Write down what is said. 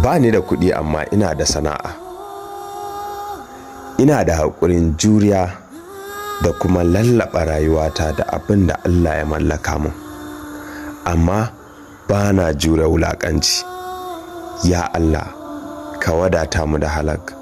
ba ni da kuɗi amma ina da sana'a ina da haƙurin juriya da kuma lallaɓa rayuwata da abin da allah ya mallaka mun amma ba na jure wulaƙanci ya allah ka wadata mu da halak